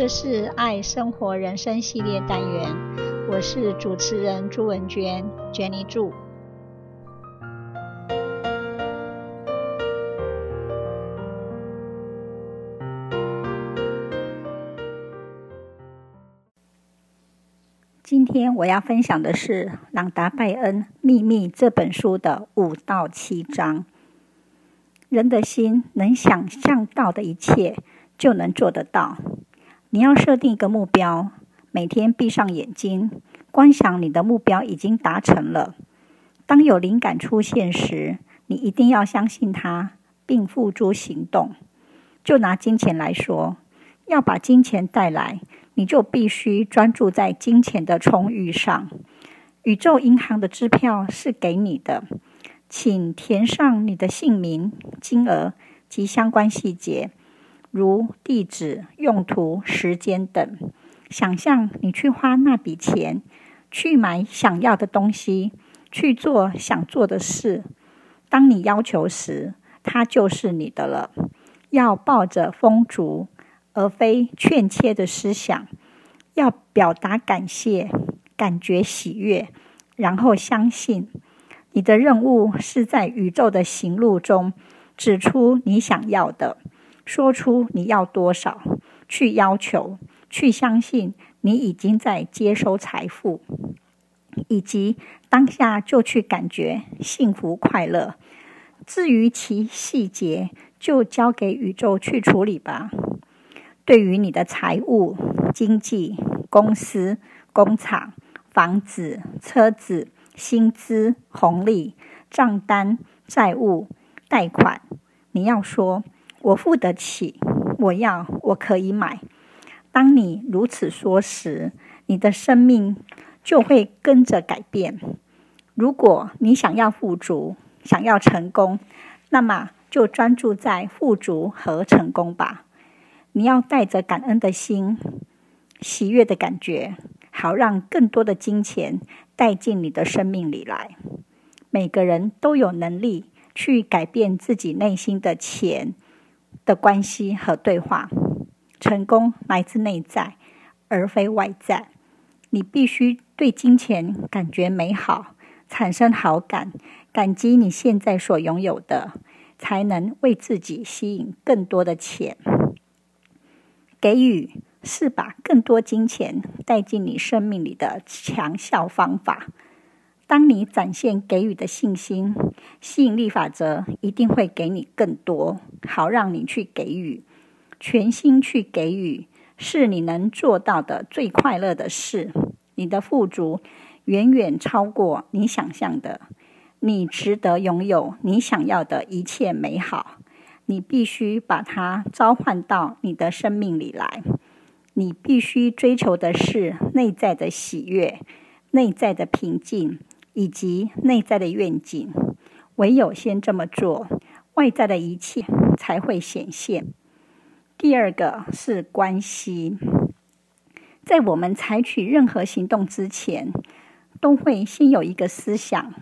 這是愛生活人生系列單元，我是主持人朱文娟。娟妮住。今天我要分享的是《朗達·拜恩秘密》這本書的五到七章。人的心能想象到的一切，就能做得到。你要設定一個目標，每天閉上眼睛，觀想你的目標已經達成了。當有靈感出現時，你一定要相信它，並付諸行動。就拿金錢來說，要把金錢帶來，你就必須專注在金錢的充裕上。宇宙銀行的支票是給你的，請填上你的姓名、金額及相關細節。如地址、用途、時間等，想象你去花那筆錢，去買想要的東西，去做想做的事。當你要求時，它就是你的了。要抱着豐足而非欠缺的思想，要表達感謝，感覺喜悅，然後相信。你的任務是在宇宙的型錄中，指出你想要的。說出你要多少，去要求，去相信你已經在接收財富，以及當下就去感覺幸福快樂。至於其細節，就交給宇宙去處理吧。對於你的財務、經濟、公司、工廠、房子、車子、薪資、紅利、賬單、債務、貸款，你要說。我付得起，我要，我可以買。當你如此說時，你的生命就會跟着改變。如果你想要富足，想要成功，那麼就專注在富足和成功吧。你要帶着感恩的心，喜悅的感覺，好讓更多的金錢帶進你的生命裡來。每個人都有能力去改變自己內心的錢。的關係和對話，成功來自內在，而非外在。你必須對金錢感覺美好，產生好感，感激你現在所擁有的，才能為自己吸引更多的錢。給予是把更多金錢帶進你生命裡的強效方法。當你展現給予的信心，吸引力法則一定會給你更多，好讓你去給予，全心去給予，是你能做到的最快樂的事。你的富足遠遠超過你想象的，你值得擁有你想要的一切美好。你必須把它召喚到你的生命裡來。你必須追求的是內在的喜悅，內在的平靜。以及內在的願景，唯有先這麼做，外在的一切才會顯現。第二個是關係，在我們採取任何行動之前，都會先有一個思想，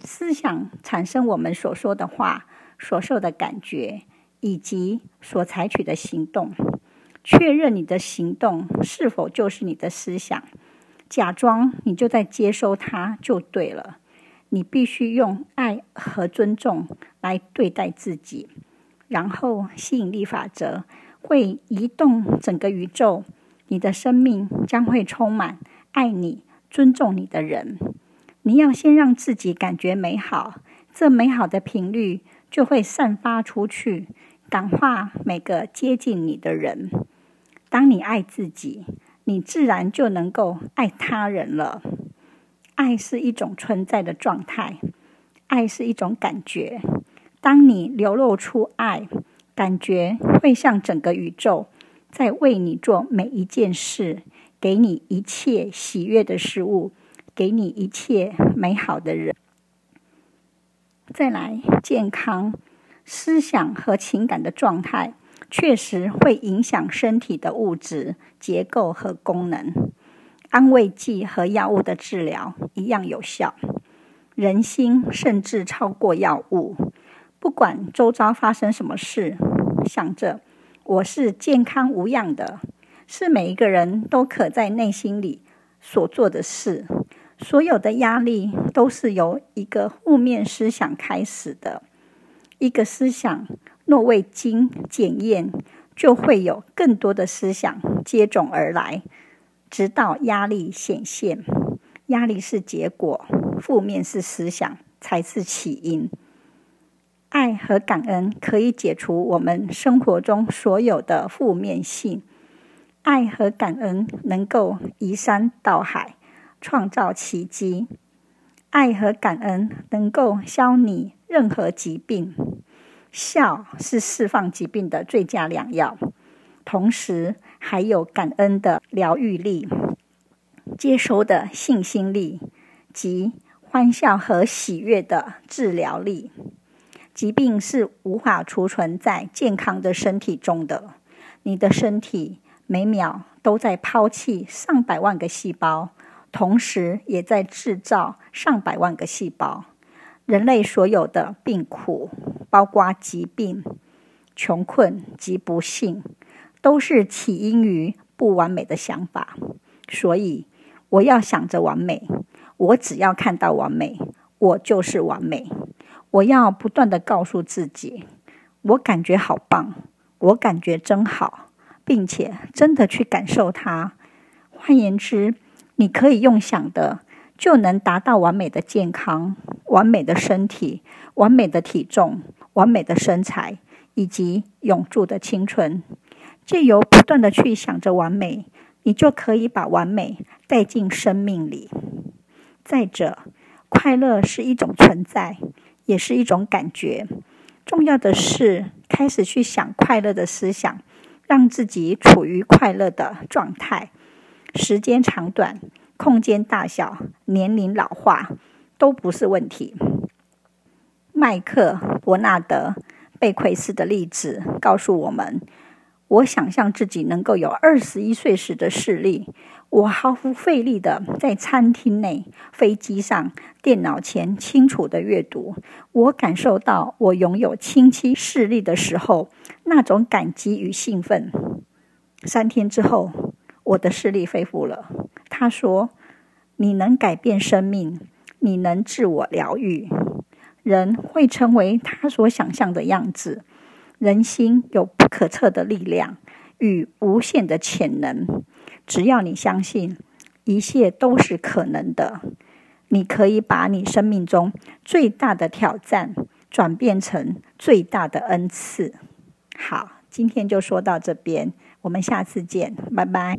思想產生我們所說的話、所受的感覺以及所採取的行動。確認你的行動是否就是你的思想。假裝你就在接收它就對了。你必須用愛和尊重來對待自己，然後吸引力法則會移動整個宇宙。你的生命將會充滿愛你、尊重你的人。你要先讓自己感覺美好，這美好的頻率就會散發出去，感化每個接近你的人。當你愛自己，你自然就能夠愛他人了。愛是一種存在的狀態，愛是一種感覺。當你流露出愛，感覺會像整個宇宙在為你做每一件事，給你一切喜悅的事物，給你一切美好的人。再來，健康、思想和情感的狀態。確實會影響身體的物質結構和功能。安慰劑和藥物的治療一樣有效，人心甚至超過藥物。不管周遭發生什麼事，想着我是健康無恙的，是每一個人都可在內心裡所做的事。所有的壓力都是由一個負面思想開始的，一個思想若未經檢驗，就會有更多的思想接踵而來，直到壓力顯現。壓力是結果，負面的思想，才是起因。愛和感恩可以解除我們生活中所有的負面性。愛和感恩能夠移山倒海，創造奇蹟。愛和感恩能夠消弭任何疾病。笑是釋放疾病的最佳良藥，同時還有感恩的療癒力、接收的信心力及歡笑和喜悅的治療力。疾病是無法儲存在健康的身體中的。你的身體每秒都在拋棄上百萬個細胞，同時也在製造上百萬個細胞。人類所有的病苦，包括疾病、窮困及不幸，都是起因於不完美的想法。所以，我要想着完美。我只要看到完美，我就是完美。我要不斷地告訴自己：“我感覺好棒，我感覺真好，並且真的去感受它。”換言之，你可以用想的，就能達到完美的健康、完美的身體、完美的體重。完美的身材以及永駐的青春，借由不斷地去想着完美，你就可以把完美帶進生命裡。再者，快樂是一種存在，也是一種感覺。重要的是，開始去想快樂的思想，讓自己處於快樂的狀態。時間長短、空間大小、年齡老化，都不是問題。麥可·柏納德·貝奎斯的例子告訴我們：我想象自己能夠有二十一歲時的視力，我毫不費力地在餐廳內、飛機上、電腦前清楚地閱讀。我感受到我擁有清晰視力的時候，那種感激與興奮。三天之後，我的視力恢復了。他說：“你能改變生命，你能自我療癒。”人會成為他所想象的樣子。人心有不可測的力量與無限的潛能。只要你相信，一切都是可能的。你可以把你生命中最大的挑戰轉變成最大的恩賜。好，今天就說到這邊，我們下次見，拜拜。